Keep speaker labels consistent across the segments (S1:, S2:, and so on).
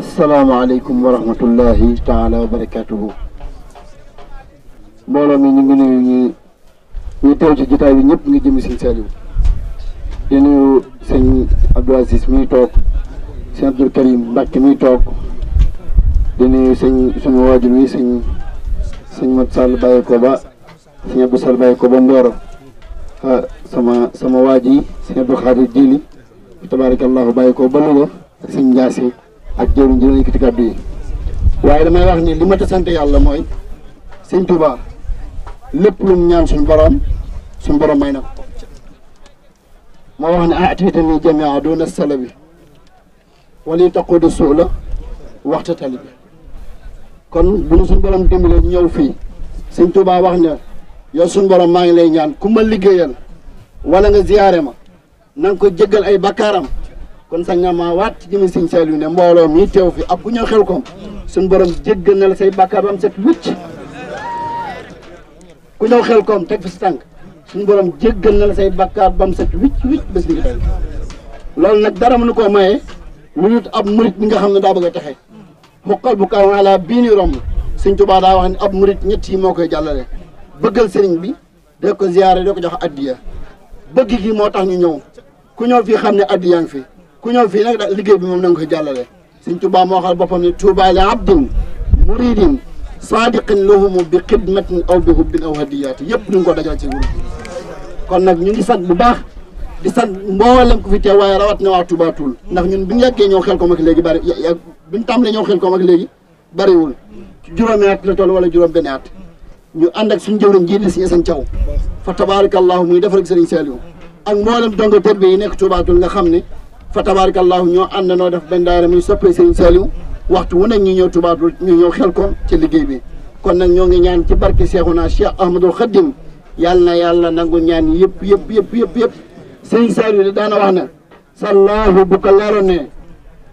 S1: asalaamaaleykum wa rahmatullahi taala wa barakatuhu mbooloo mi ñu ngi nuyu ñu ñu teew ci jitaay bi ñepp ngi jëm siñ Saliou di nuyu seigne Abdou Aziz mi tok seigne abdou Karim mbak mi tok di nuyu seigne sunu waajur mi seigne seigne Mat Sall baye ko ba Abdou Sall baye ko ba Mboro ah, sama sama waji seigne Abdou Khadir Jili Tabarakallah baye ko ba Louga ak ak jëwriñ dina yëkkati kàddu yi waaye damay wax ni li ma ta sant yàlla mooy sëñ Tuubaa lépp lu mu ñaan suñu borom suñu borom may na moo wax ne aatitani jamia duna salabi wali taqudu suula waxta tali bi kon bu ñu suñu borom dimbalee ñëw fii sëñ Tuubaa wax ne yow suñ borom maa ngi lay ñaan ku ma liggéeyal wala nga ziyaare ma na ko jéggal ay bakkaaram kon sañ na maa waat ci jëmi sëñ Saliou ne mbooloo mi teew fi ak ku ñëw xel kom suñ borom jéggal na la say bàkkaar bam set wicc ku ñëw xel kom teg fi si tànk suñ borom jéggal na la say bàkkaar ba set wicc wicc bés bi tey loolu nag dara mënu ko maye lu nit ab murit bi nga xam ne daa bëgg a texe xoqal bu kaw ala bii ni romb sëñ Tuubaa daa wax ne ab murit ñett yi moo koy jàllale bëggal sëriñ bi doo ko ziyaare doo ko jox addiya bëgg gi moo tax ñu ñëw ku ñëw fii xam ne addiya ngi fi كنيو في نك ليغي موم نانكو جالالي سيني توبا مو خال بوبام ني توبا لا عبد مريد صادق لهم بخدمه او بحب او هديات ييب نانكو داجال سي غورو كون نك نيغي سات بو باخ دي سات مبولم كو في تي واي رات نوا توبا تول ناخ نين بن ياكي نيو خيل كوم اك ليغي بار بن تاملي نيو خيل كوم اك ليغي بار وول جوروم ات لا تول ولا جوروم بنات ñu and ak suñu jëwrëñ jëlé ci yassane ciow fa tabarakallahu muy defal ak serigne saliw ak mbolam dong tebbi nek touba tul nga xamné fa tabarakallahu ñoo am na noo def benn daayira muy soppee Serigne Saliou waxtu wu ne ñu ñëw Touba ñu ñëw xel ko ci liggéey bi kon nag ñoo ngi ñaan ci barke Seexuna Cheikh Ahmadul Khadim yàlla na yàlla nangu ñaan yëpp yëpp yëpp yëpp yëpp Serigne Saliou di daana wax na sallahu bu ko leeroon ne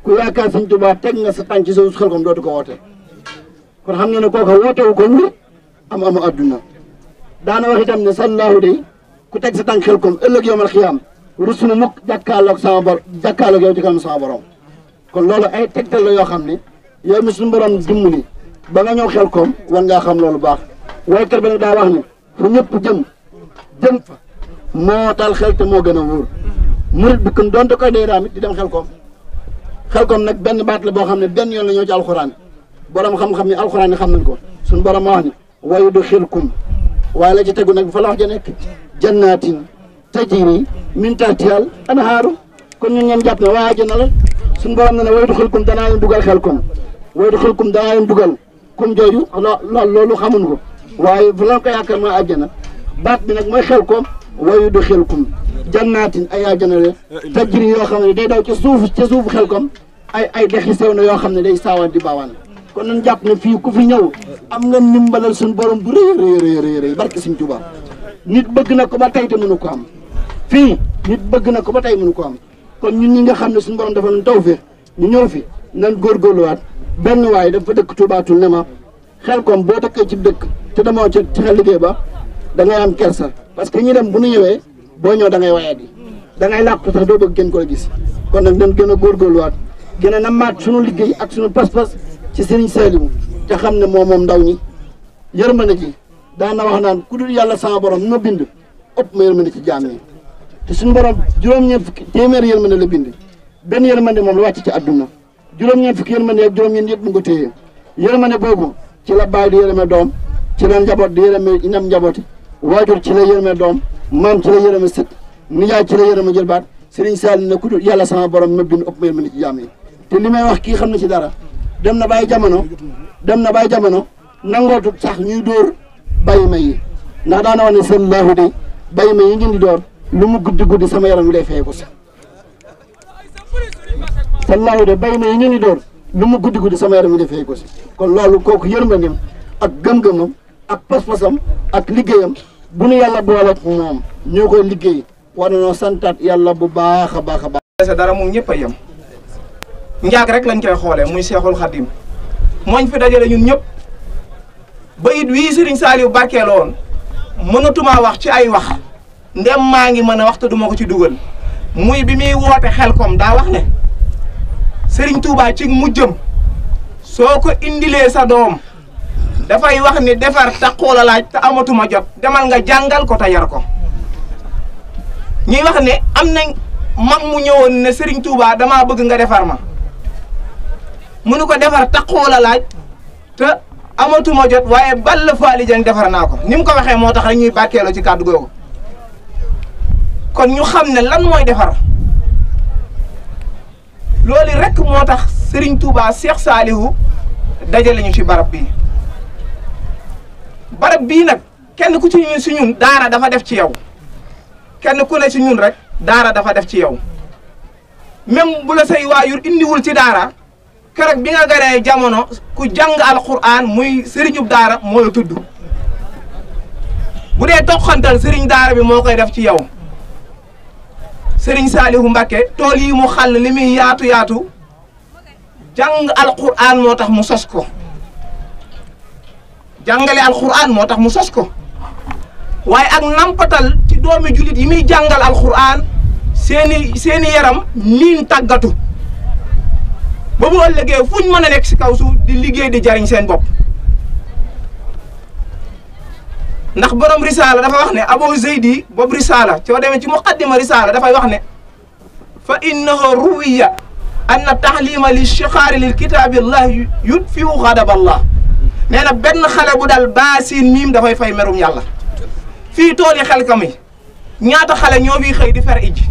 S1: ku yaakaar Serigne Touba teg nga sa tànk ci sa xel kom dootu ko woote kon xam nga ne kooka wootewu ko ngir am amu adduna daana wax itam ne sallahu day ku teg sa tànk kom ëllëg yowmal xiyaam rus na mukk jàkkaarloog sama bor jàkkaarloog yow ci kanam sama borom kon loolu ay tegtal la yoo xam ni yow mi suñu borom dimbali ba nga ñëw xel koom wan ngaa xam loolu baax waaye kër ba nag daa wax ni fu ñëpp jëm jëm fa moo tal xel te moo gën a wóor murit bi kon doonte koy day raam it di dem xel koom xel koom nag benn baat la boo xam ne benn yoon la ñëw ci alxuraan borom xam-xam yi alxuraan yi xam nañ ko suñu borom ma wax ni wayu du xilkum waaye la ci tegu nag fa la wax ja nekk jannaatin tajiri min taxti yàlla anhaaru kon ñun ñoom jàpp ne waa àjjana la suñu borom ne ne waydu xelkum danaa leen dugal xelkum waydu xelkum danaa leen dugal kum jooju lool loolu xamuñ ko waaye bu la ko yaakaar mooy àjjana baat bi nag mooy xelkom waydu xelkum jannaatin ay àjjana la tajri yoo xam ne day daw ca suuf ca suufu xelkom ay ay dexi sew na yoo xam ne day saawaan di baawaan kon nañ jàpp ne fii ku fi ñëw am nga nimbalal suñu borom bu rëy rëy rëy rëy barke Sëñ Tuubaa nit bëgg na ko tey te mënu ko am fii nit bëgg na ko ba tey mënu ko am kon ñun ñi nga xam ne suñu borom dafa nu taw fi ñu ñëw fi nan góorgóorluwaat benn waay dafa dëkk tubaatul ne ma xel kom boo takkee ci dëkk te demoo ca ca liggéey ba da ngay am kersa parce que ñi dem bu nu ñëwee boo ñëw da ngay wayaat yi da ngay làqu sax doo bëgg gën koo gis kon nag nan gën a góorgóorluwaat gën a maat suñu liggéey ak suñu pas-pas ci Serigne Saliou te xam ne moom moom ndaw ñi yërmande ji daan na wax naan ku yàlla sama borom ma bind ëpp ma yërmande ci jaam yi te suñu borom juróom-ñeent fukki téeméer yërmande la bind benn yërmande moom la wàcc ci àdduna juróom-ñeent fukki yërmande ak juróom-ñeent yëpp mu ngi ko téye yërmande boobu ci la baay di yërëme doom ci la njaboot di yërëme inam njabooti waajur ci la yërëme doom maam ci la yërëme sët nijaay ci la yërëme jëlbaat sëriñ Saliou ne ku dul yàlla sama borom ma bind ëpp ma yërmande ci yi te li wax kii xam na ci dara dem na bàyyi jamono dem na bàyyi jamono nangootu sax ñuy dóor bàyyi ma yi ndax daana wax ne seen laahu de bàyyi ma yi ngeen lu mu guddi guddi sama yaram wi lay ko si te laaw de bari na yi ñu ni lu mu guddi guddi sama yaram wi lay ko si kon loolu kooku yërmandeem ak gëm-gëmam ak pas-pasam ak liggéeyam bu nu yàlla boole moom ñoo koy liggéey war nañoo
S2: santaat yàlla bu baax a baax a baax. dara moom ñëpp a yem njaag rek lañ koy xoolee muy seexul xadim mooñ fi dajale ñun ñëpp bayit wii Serigne Saliou la woon mënatumaa wax ci ay wax. ndem maa ngi waktu waxtu duma ko ci duggal muy bi muy woote xelkom da wax ne serigne Touba ci mujjëm soo ko indilee sa da fay wax ni defar takko la laaj te amatuma jot demal nga jangal ko ta yar ko ñi wax ne am nañ mag mu ñewon ne serigne Touba dama bëgg nga defar ma munu ko defar takko la laaj te amatuma jot waye ball faali jang defar naa ko ni mu ko rek ñuy ci kaddu gogo kon ñu xam ne lan mooy defar loolu rekk moo tax sëriñ Touba Cheikh Salihu dajale ñu ci barab bi barab bii nag kenn ku ci ñun si ñun daara dafa def ci yow kenn ku ne ci ñun rekk daara dafa def ci yow même bu la say waayur indiwul ci daara keroog bi nga garee jamono ku jàng alquran muy sëriñub daara moo tudd bu dee toqantal sëriñ daara bi moo koy def ci yow. sëriñ Saalihu Mbàkke tool yi mu xàll li muy yaatu yaatu jàng alquran moo tax mu sos ko jàngale alquran moo tax mu sos ko waaye ak nampatal ci doomi jullit yi muy jàngal alquran seeni seeni yaram miin tàggatu ba bu ëllëgee fuñ mën a nekk ci kaw suuf di liggéey di jariñ seen bopp ndax borom risala dafa wax ne abo zeydi bob risala ci demee ci muqaddima risala dafa wax ne fa innahu ruwiya anna tahlima li shikhar lil kitab allah yudfi ghadab allah neena ben xale bu dal basin mim da fay fay merum yàlla fi toli xel kamay ñaata xale ñoo fi xëy di fer iji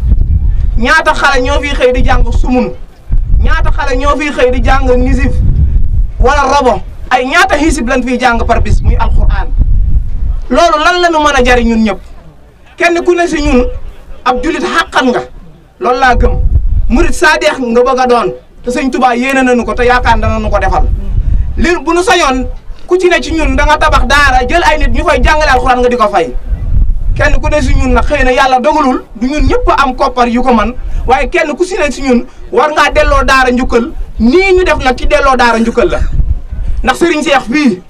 S2: ñaata xale ñoo fi xëy di jàng sumun ñaata xale ñoo fi xëy di jàng nisif wala rabo ay ñaata hisib lan fi jàng par bis muy alquran lolu lan la nu mën a ñun ñëpp kenn ku ne ci ñun ab julit xàqan nga lolu la gëm murit sadiq nga bëgg doon te sëñ Tuubaa yéena nañu ko te yaakaar nañu ko defal li bu nu sañoon ku ci ne ci ñun da nga tabax daara jël ay nit ñukoy koy jàngale alxuraan nga diko fay kenn ku ne ci ñun nak xeyna yalla dogulul du ñun ñëpp am koppar yu ko man waye kenn ku ci ne ci ñun war nga delloo daara njukkal ni ñu def nak ci delloo daara njukkal la nak serigne cheikh fi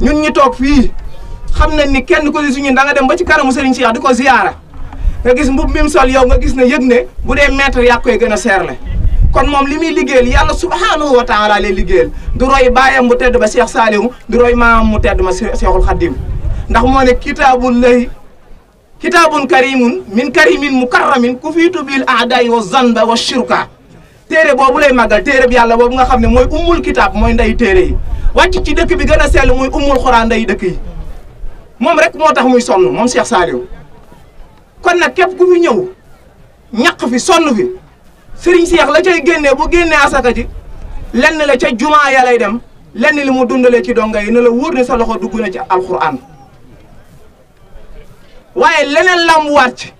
S2: ñun ñi tok fi xamna ni kenn ko ci suñu da nga dem ba ci karamu Serigne Cheikh diko ko nga gis mbub mi mu sol yow nga gis ne yegne ne bu dee mètre yaa koy gën a kon mom limi liggéel yàlla subhanahu wa taala lay liggéel du roy bayam bu tedd ba Cheikh Saliou du roy maamam mu tedd ma Cheikhul Khadim ndax mo ne kitabul lay kitabun karimun min karimin mukarramin kufitu bil a'da'i wa zanba wa shirka téré bobu lay magal téré bi yàlla bobu nga xamne moy umul kitab moy mooy nday téere yi wàcc ci dëkk bi gëna sel moy umul qur'an xuraan nday dëkk yi moom rekk moo tax muy sonn moom Cheikh Saliou kon nag képp ku fi ñëw ñaq fi sonn fi sëriñ Cheikh la cay génnee bu génnee asaka ji lenn la ca jumaa ya lay dem lenn li mu dundalee ci donga yi ne la wóor ne sa loxo dugg na ci alxuraan waaye leneen lam waat ci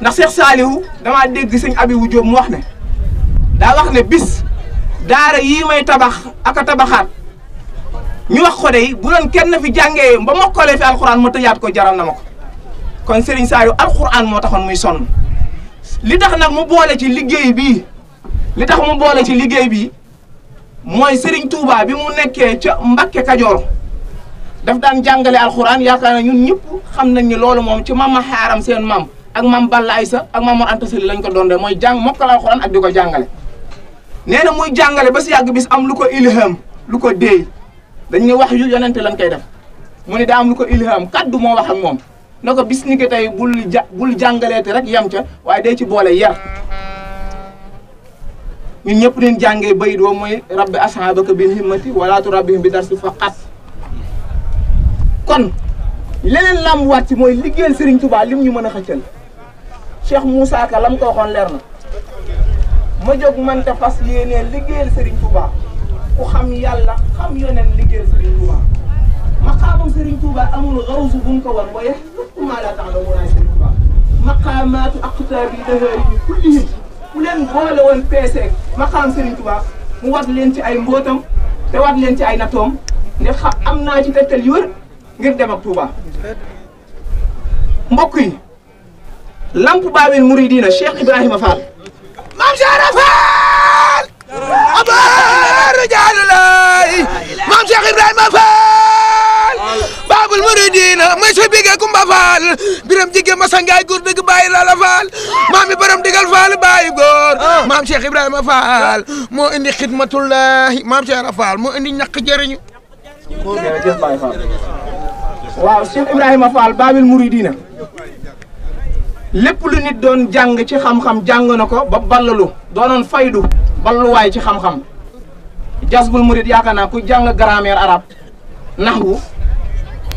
S2: ndax Cheikh Saliou damaa dégg sëñ Abibu Jóob wax ne daa wax ne bis daara yii may tabax aka tabaxaat ñu wax ko dey bu doon kenn fi jàngee mba mokkalee fi alxuraan ma tëjaat ko jaral na ma ko kon sëriñ Serigne Saliou alxuraan moo taxoon muy sonn li tax nag mu boole ci liggéey bii li tax mu boole ci liggéey bii mooy sëriñ Touba bi mu nekkee ca Mbakke Kajoor daf daan jàngale alxuraan yaakaar na ñun ñëpp xam nañ ni loolu moom ci mama xaaram seen maam ak maam Balla Aysa ak maam Mor Anta Sali lañ ko doon de mooy jàng mokkal alxuraan ak di ko jàngale. nee na muy jàngale ba si yàgg bis am lu ko ilham lu ko déey. dañ wax yu yonente lan koy def mu ne daa am lu ko ilham kaddu moo wax ak moom na ko bis ni ko tey bul ja rek yam ca waaye day ci boole yar ñun ñëpp dañ jàngee bay doo mooy ko ashaabaka bil himmati wala turabbihim bi darsi faqat kon leneen lam wàcc mooy liggéeyal Serigne Touba lim ñu mën a xëccal Cheikh Moussa Ka lam ko waxoon leer na ma jóg man te fas yéenee liggéeyal Serigne Touba. ku xam yàlla xam yonen liggéey Serigne Touba maqaamam Serigne Touba amul rawsu bu mu ko wan waaye lépp maa laa tax la mu raay Serigne Touba maqaamaatu aqtaabi dahaari bi kullihim ku leen boole woon peeseeg maqaam Serigne Touba mu wat leen ci ay mbootam te wat leen ci ay nattoom ne xam am naa ci tegtal yu wër ngir dem ak Touba mbokk yi lamp baaween muridiina Cheikh Ibrahima Fall maam Jaara Fall abaru jaalulaay maam Cheikh Ibrahima Fall babul muridina mooy sa bige Kumba Fall biram jige masangaay góor dëgg bàyyi lala Fall maami borom digal Fall bàyyi góor maam Cheikh Ibrahima Fall moo indi xidmatullahi maam Cheikh Ibra moo indi ñàkk jëriñu waaw Cheikh Ibrahima Fall babul muridina lépp lu nit doon jàng ci xam-xam jàng na ko ba ballalu doonoon faydu balluwaay ci xam-xam jasbul murid yakana ku jang grammaire arab nahwu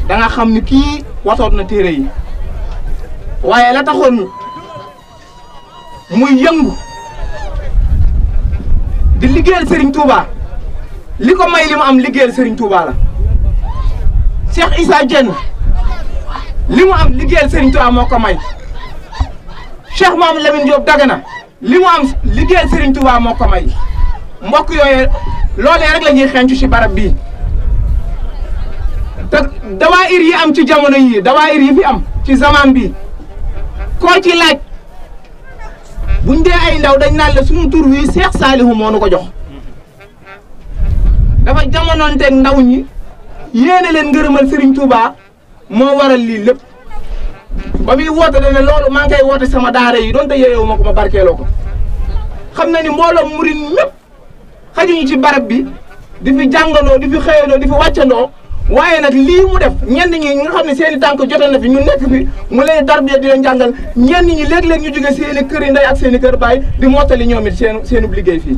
S2: da nga xam ni ki watot na tere yi waye la taxoon muy yeng di liguel Serigne Touba liko limam may sering am liguel Serigne Touba la Cheikh isa Diène limu am liguel Serigne Touba moko may Cheikh mamadou Lamine Diop Dagana li mu am liggéeyal Serigne Touba moo ko may mbokk yooyu loolee rek la ñuy xencu ci barab bii te dawaayir yi am ci jamono yii dawaayir yi fi am ci zaman bi ko ci laaj buñ dee ay ndaw dañ naan la suñu tur wi Seex Saalihu moo nu ko jox dafa jamonoonteeg ndaw ñi yéene leen ngërëmal Serigne Touba moo waral lii lépp. ba muy woote dana loolu maa ngi koy woote sama daara yi donte yeewu ma ko ma barkeeloo ko xam na ni mbooloom murit ñëpp xajuñu ci barab bi di fi jàngandoo di fi xëyandoo di fi wàccandoo waaye nag lii mu def ñenn ñi nga xam ne seen i tànk jotoon na fi ñu nekk fi mu leen tarbiya di leen jàngal ñenn ñi léeg ñu jóge seen i kër yi ndey ak seeni kër baay di mottali ñoom it seen seen liggéey fii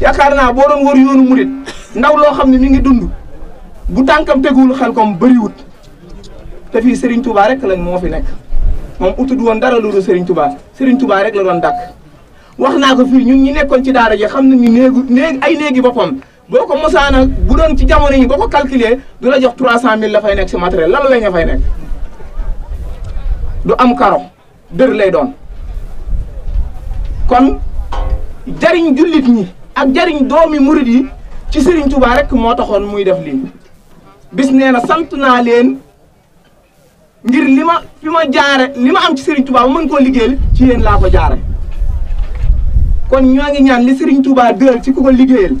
S2: yaakaar naa boo doon wër yoonu murit ndaw loo xam ne mi ngi dund bu tànkam teguwul xel comme bëriwut te fii Serigne Touba rek lañ moo fi nekk moom utud woon dara lu dul Serigne Touba Serigne Touba rek la doon dàkk wax naa ko fii ñun ñi nekkoon ci daara ji xam ñi néegu néeg ay néegi boppam boo ko mosaana bu doon ci jamono yi boo ko calculé du la jox 300000 la fay nekk si matériel la la ña fay nekk du am karo dër lay doon kon jariñ jullit ñi ak jariñ doomi murit yi ci Serigne Touba rek moo taxoon muy def lii bis nee na sant naa leen. ngir li ma fi ma jaare li ma am ci Serigne Touba ma mën koo liggéeyal ci yéen laa ko jaare kon ñoo ngi ñaan li Serigne Touba dël ci ku ko liggéeyal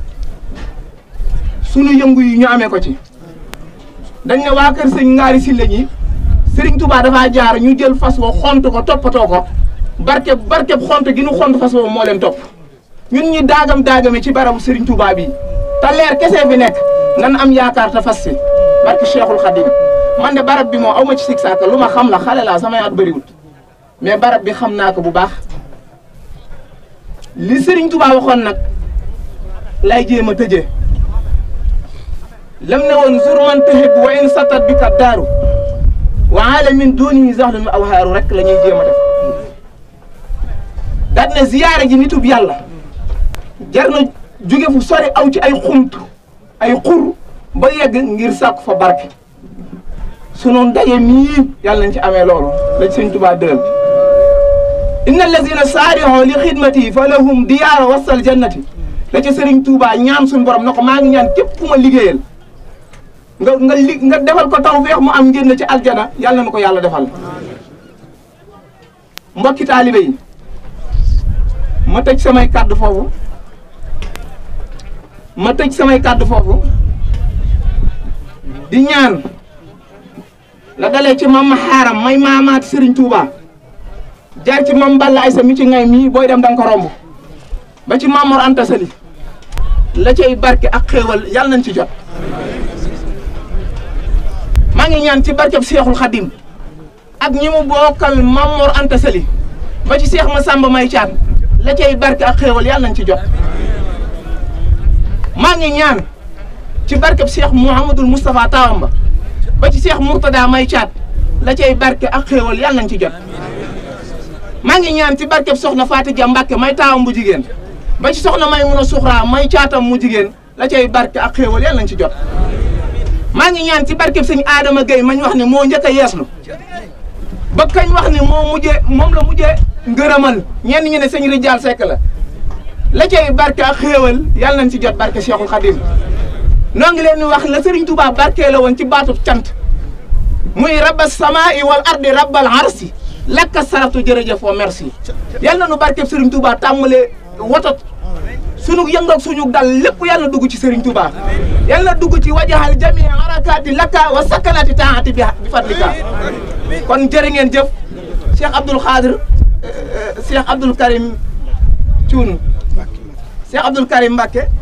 S2: sunu yëngu yi ñu amee ko ci dañ ne waa kër sëñ Ngaari Sylla ñi Serigne Touba dafaa jaar ñu jël fas wa xont ko toppatoo ko barke barkeb xont gi ñu xont fas wa moo leen topp ñun ñi daagam daagame ci barabu Serigne Touba bi te leer kese bi nekk nan am yaakaar te fas si barke Cheikhul Khadim man de barab bi mo awma ci sik saaka luma xam la xale laa samay at wut mais barab bi xam naa ko bu baax li Serigne Touba waxon nak lay jema teje lam ne woon zur man tahib wa in satat bi kat wa ala min dunihi zahlun aw haaru rek la jema def dat na ziyaara ji nitub yàlla jarna na fu sori aw ci ay khumtu ay xur ba yegg ngir sàkku fa barke sunu ndaje mii yàlla nañ ci amee loolu la sëñ Tuubaa dëggal inna allazina saari'u li xidmati fa lahum diyaara wasal jannati la ci sëriñ Tuubaa ñaan suñu borom na ko maa ngi ñaan képp ku ma nga nga nga defal ko tawfeex mu am njëriñ ci aljana yàlla na ko yàlla defal mbokki taalibe yi ma tëj samay kàddu foofu ma tëj samay kàddu foofu di ñaan la dalee ci ma xaaram may maamaat Serigne Touba jaar ci mam Balla Aysa mi ci ngay mii booy dem da ko romb ba ci Mamour Anta Sali la cay barke ak xéewal yàlla nañ ci jot maa ngi ñaan ci barkeb Seexul Xadim ak ñi mu bokkal Mamour Anta ba ci Seex Masamba May Caam la cay barke ak xéewal yàlla nañ ci jot maa ngi ñaan ci barkeb Seex Mouhamadul mustafaa Tawamba ba ci Cheikh Mourtada may caat la cay barke ak xéewal yàlla nañ ci jot maa ngi ñaan ci barkeb soxna Fatou Dia Mbacke may taawam bu jigéen ba ci soxna may mun a suxraa may caatam mu jigéen la cay barke ak xéewal yàlla nañ ci jot maa ngi ñaan ci barkeb sëñ aadama Gueye mañ wax ne moo njëkk a yeeslu ba kañ wax ni moo mujjee moom la mujjee ngërëmal ñenn ñu ne sëñ Rijal Seck la la cay barke ak xéewal yàlla nañ ci jot barke Cheikhul Khadim noo ngi leen di wax la Serigne Touba barkee la woon ci baatub cant muy rabba samaa'i wal ardi rabbal arsi lakka saratu jërëjëf wa merci yal na nu barkeb Serigne Touba tàmmalee wotot sunu yëngoog suñu dal lépp yal na dugg ci Serigne Touba yal na dugg ci wajaxal jami harakaati lakka wa sakkanati taati bi fadlika kon jërë ngeen jëf Cheikh Abdoul Khadir eh, Cheikh Abdoul Karim Thioune Cheikh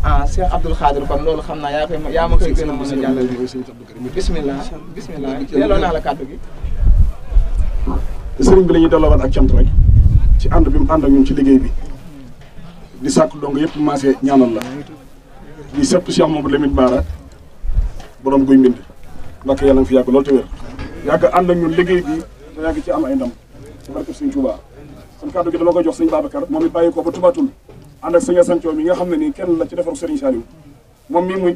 S2: ah Cheikh Abdoul Khadir kon loolu xam naa yaa koy ma koy gën a mën a jàllale bisimilah bisimilah delloo la kàddu gi.
S3: sëriñ bi la ñuy delloowaat ak cant rek ci ànd bi mu ànd ak ñun ci liggéey bi di sàkk dong yëpp commencé ñaanal la di sepp Cheikh Mamadou Lamine Bara borom guy mbind ndax yàlla nga fi yàgg loolu te wér yàgg ànd ak ñun liggéey bi da yàgg ci am ay ndam barke suñ Tuubaa kon kàddu gi dama koy jox sëñ Babacar moom it ba Touba ànd ak sëñ Assane Thiaw mi nga xam ne ni kenn la ci defaru Serigne Saliou moom mii muy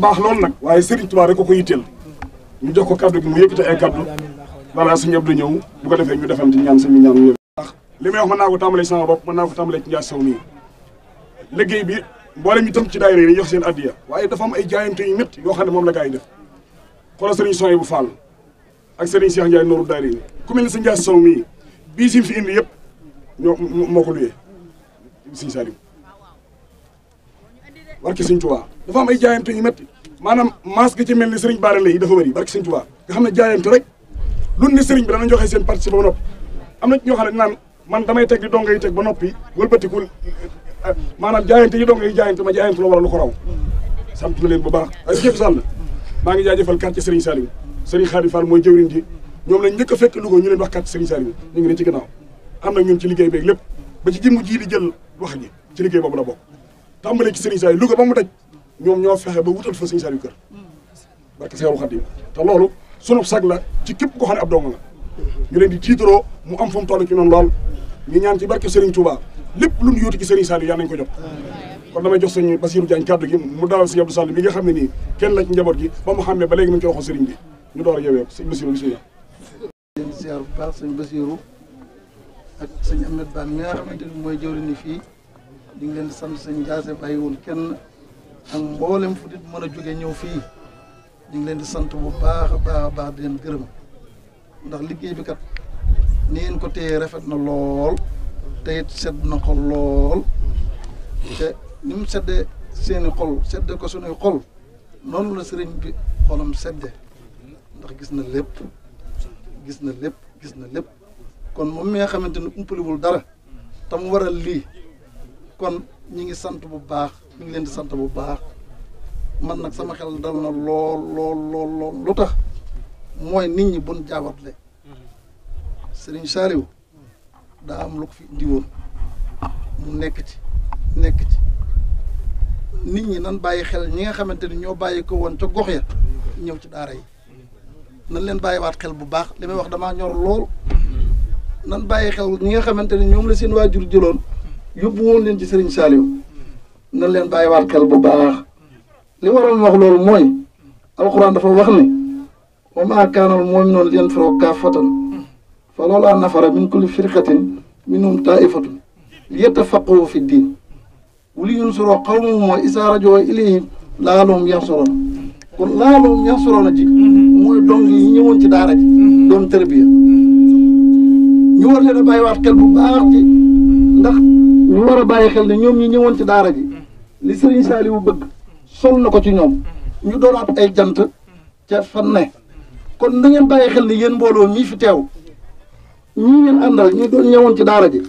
S3: baax lool nag waaye Serigne Touba rek ko jox ko kaddu gi mu yëkkati ay kaddu balaa suñu yëpp ko defee ñu defante ñaan seen ñaan mu ndax li may wax mën naa ñu tam ci daayira yi jox seen addiya waaye dafa am ay jaayante yu métti yoo xam ne moom la gars yi def xoolal Serigne Soye bu Fall ak Serigne Cheikh Ndiaye nooru daayira yi ku mel bii si fi yëpp ñoo moo sëñ Saliou barke sëñ Tuubaa dafa am ay jaayante yu métti maanaam maas ga mel ni sëriñ Baara lay dafa bëri barke sëñ Tuubaa nga xam ne jaayante rek luñ ne sëriñ bi danañ joxe seen participe ba noppi am na ñoo xam ne naan man damay teg di donga yi ba noppi wëlbatikul eh, maanaam jaayante yi donga yi jaayante ma jaayante la ko raw sant na leen bu baax ay ñëpp sàll maa ngi jaajëfal quartier Serigne Saliou Serigne Khady Fall mooy jëwriñ ji ñoom lañ njëkk fekk Louga ñu leen wax quartier Serigne Saliou ñu ngi ne ci gannaaw am liggéey beeg lépp ba ci jëmm jii di jël wax ji ci liggéey boobu la bokk tàmbalee ci Serigne Saliou Louga ba mu daj ñoom ñoo fexe ba wutal fa Serigne Saliou kër barke Seexul Xadiim te loolu sunu sag la ci képp ko xam ne ab doomu la ñu leen di tiitaroo mu am fu mu toll ci noonu lool ñu ñaan ci barke Serigne Touba lépp lu ñu yóotu ci Serigne Saliou ko jot kon damay jox sëñ Basirou Diagne kàddu gi mu dalal sëñ Abdou Sall mi nga xam ne nii kenn la ci njaboot gi ba mu xam ne ba léegi mu ngi koy waxoon Serigne bi ba door a yeewee sëñ Basirou bisimilah.
S4: sëñ Basiirou ak sëñ Ahmed Ba mi nga xamante ni mooy jëwri ni fii di ngi leen di sant sëñ Jaase bàyyiwul kenn ak mboolem fu mën a jóge ñëw fii ñu ngi leen di sant bu baax a baax a baax di leen gërëm ndax liggéey bi kat ni ngeen ko téye rafet na lool te sedd na ko lool te ni mu seddee seeni xol sedde ko sunuy xol noonu la sëriñ bi xolam sedde ndax gis na lépp gis na lépp gis na lépp kon moom mi nga xamante ne umpaliwul dara te mu waral lii kon ñi ngi sant bu baax ñu ngi leen di sant bu baax man nag sama xel dal na lool lool lool lu tax mooy nit ñi buñ jaawatle Serigne Saliou daa am lu ko fi indiwoon mu nekk ci nekk ci nit ñi nan bàyyi xel ñi nga xamante ni ñoo bàyyi ko woon ca gox ya ñëw ci daara yi nan leen bàyyi waat xel bu baax li may wax damaa ñor lool nan bàyyi xel ñi nga xamante ne ñoom la seen waajur jëloon yóbbu woon leen ci sëriñ Saliou nan leen bàyyiwaat xel bu baax li waral wax loolu mooy alxuraan dafa wax ne wa maa kaana al mu'minuuna liyanfiroo kaaffatan fa a nafara min kulli firqatin minhum taa'ifatun liyattafaqqahu fi diin wa liyunziroo qawmahum wa izaa raja'uu ilayhim la'allahum yansuruun kon la'allahum yansuruun ji mm-hmm. mooy dong yi ñëwoon ci daara ji mm-hmm. doon tërbiya mm-hmm. ñu war leen a bàyyiwaat xel bu baax ndax ñu war a bàyyi xel ne ñoom ñi ñëwoon ci daara ji li Serigne Saliou bëgg sol na ko ci ñoom ñu doon doonaat ay jant ca fan ne kon na ngeen bàyyi xel ne yéen mbooloo mii fi teew ñii ngeen àndal ñu doon ñëwoon ci daara ji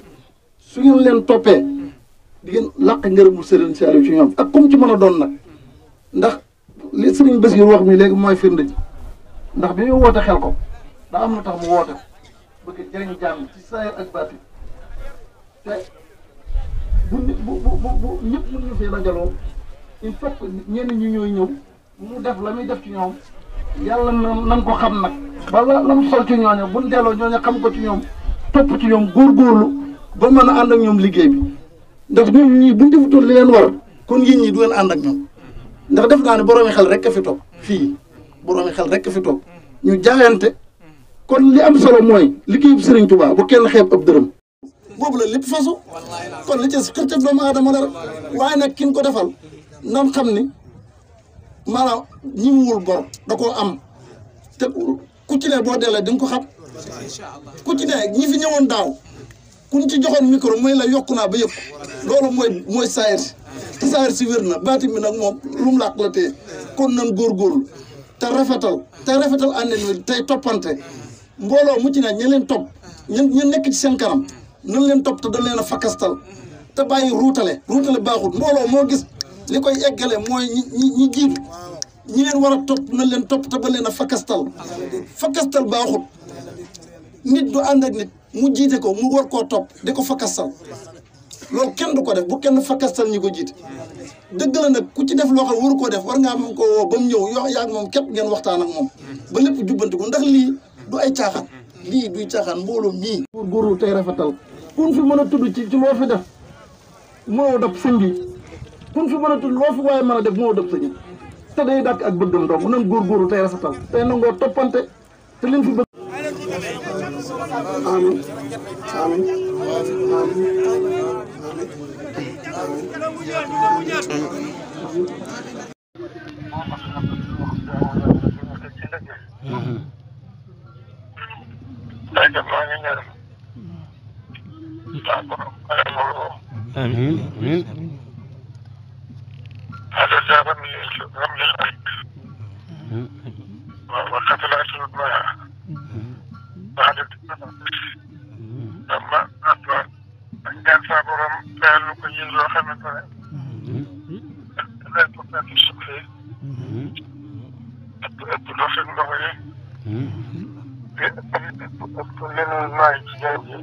S4: su ngeen leen toppee di ngeen làq ngërëmul Serigne Saliou ci ñoom ak comme ci mën a doon nag ndax li Serigne yu wax mi léegi mooy firnde ji ndax bi ñu woote xel ko daa am na tax mu woote bëgg jëriñ jàmm ci saayir ak baatin te bu nit bu bu bu ñëpp mën ñu fee dajaloo il faut que ñenn ñi ñooy ñëw mu def la muy def ci ñoom
S3: yàlla nan ko xam nag
S4: bala lam sol ci ñooñu buñ delloo ñooñu xam ko ci ñoom topp ci ñoom góorgóorlu ba mën a ànd ak ñoom liggéey bi ndax ñun ñii buñ defutoon li leen war kon yéen ñii du leen ànd ak ñoom ndax def naa ne boroomi xel rek a fi toog fii boroomi xel rek a fi toog ñu jaayante kon li am solo mooy liggéeyu Serigne Touba bu kenn xeeb ab dërëm.
S2: boobu la lépp fasu
S4: kon li ci xëccëg doomu aadama dara waaye nag ki ko defal nam xam ni maanaam ñi mu bor da koo am te ku ci ne boo deelee di ko xam ku ci ne ñi fi ñëwoon daaw kuñ ci joxoon micro mooy la yokk naa ba yëpp loolu mooy mooy saayir te saayir si wér na baati nag moom lu mu làq la téye kon nan te rafetal te rafetal ànd tey toppante. mu ci na ña leen topp ñen nek ci seen karam nan leen top te dañ leen a fakastal te bayyi routalé routalé baaxut mbolo mo gis likoy eggalé moy ñi jiit ñi leen wara top topp nan leen top te ba leen a fakastal fakastal baaxut nit du and ak nit mu jité ko mu war ko top diko ko fakastal loolu kenn du ko def bu kenn fakastal ñi ko jiite deug la nak ku ci def lo xam waru ko def war nga am ko bam ñew yo yaak mom kep ngeen waxtaan ak mom ba lépp jubbantiku ndax li du ay caaxaan lii duy caaxaan mbooloo mii guru tay rafatal kun fi meuna tuddu ci ci loo fi def mo dab sëñ kun fi meuna tuddu lo fi waaye meuna def mo dab sëñ bi te day dak ak bëggam dong nan góorgóorlu tay rafatal tay nango topante te leen fi
S3: bëgg amin amin
S5: amin amin امين امين هذا جاء رمل رمل الايد وقتل اسود ما بعد لما اصلا ان كان صابرا قالوا كن ينزل خمسة لا تقاتل الشقفين الدخل المغربي amul lenn maay ci jaay ji.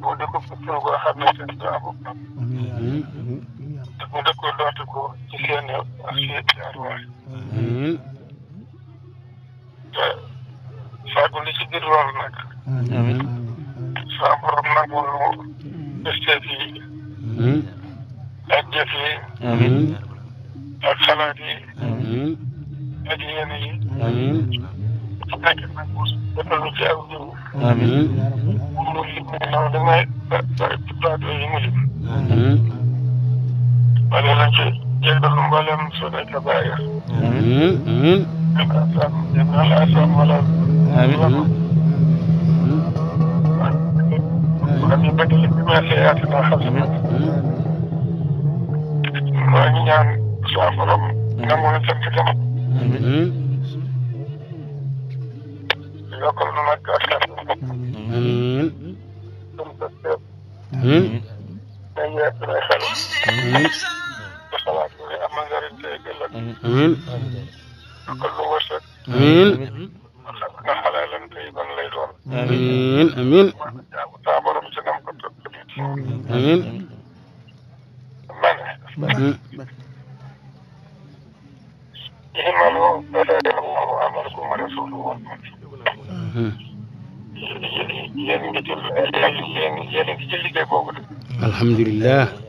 S5: mu dëkk kër goo xam ne seen jaamu. te mu dëkk dootu ko ci seen ak seen jaaruwaay. te saako li ci biir loolu nag. saa borom nangul estet yi. ak jëf yi. ak xalaat yi. ak yéene yi. amin waɗanake jeyɗon mbalem sone ka baya amin alasam wala ami baɗile ɗimelle yatana hasana magi ñaan safaram namone santikana yokkal nu nag askan amiin amiin day yees nay xel amiin xalaat lu am nga ren tey ëllëg amiin yokkal nu wërsëg amiin nga xalaalan tey ban lay amiin
S3: olhar